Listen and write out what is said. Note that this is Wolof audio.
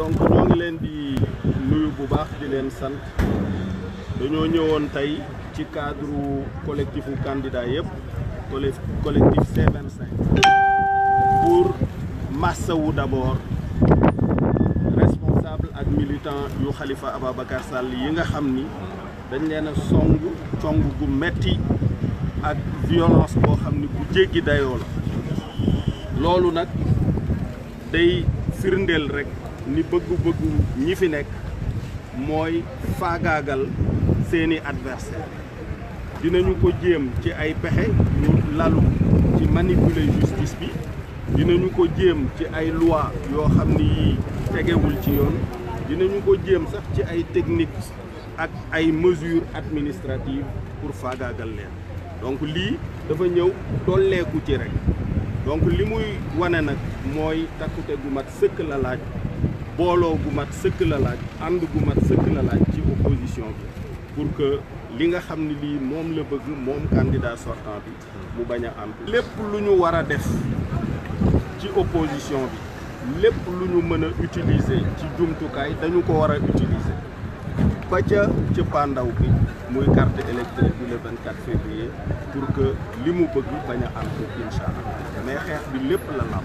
donc ñoo ngi leen di nuyu bu baax di leen sant dañoo ñëwoon tey ci cadre collectifu candidat yëpp collectif C25 wu massawu d'abord responsable ak militant yu xalifa Ababacar Sall yi nga xam ni dañ leen a song cong gu metti ak violence boo xam ni bu jéggi dayoo loolu nag day firndeel rek ni bëggu-bëggu ñi fi nekk mooy faagaagal seeni adversaire dinañu ko jéem ci ay pexe ñu lalu ci manipuler justice bi dinañu ko jéem ci ay loi yoo xam ni yi tegewul ci yoon dinañu ko jéem sax ci ay technique ak ay mesures administratives pour faagaagal leen donc lii dafa ñëw dolleeku ci rek donc li muy wane nag mooy takkute gu mat sëkk la laaj booloo gu mat sëkk la laaj ànd gu mat sëkk la laaj ci opposition bi pour que li nga xam ni lii moom la bëgg moom candidat sortant bi mu bañ a am lépp lu ñu war a def ci opposition bi lépp lu ñu mën a utiliser ci jumtukaay dañu ko war a utiliser ba ca ci pandaw bi muy carte électorale bi le 24 février pour que li mu bëgg bañ a am ko incha allah mais xeex bi lépp la lam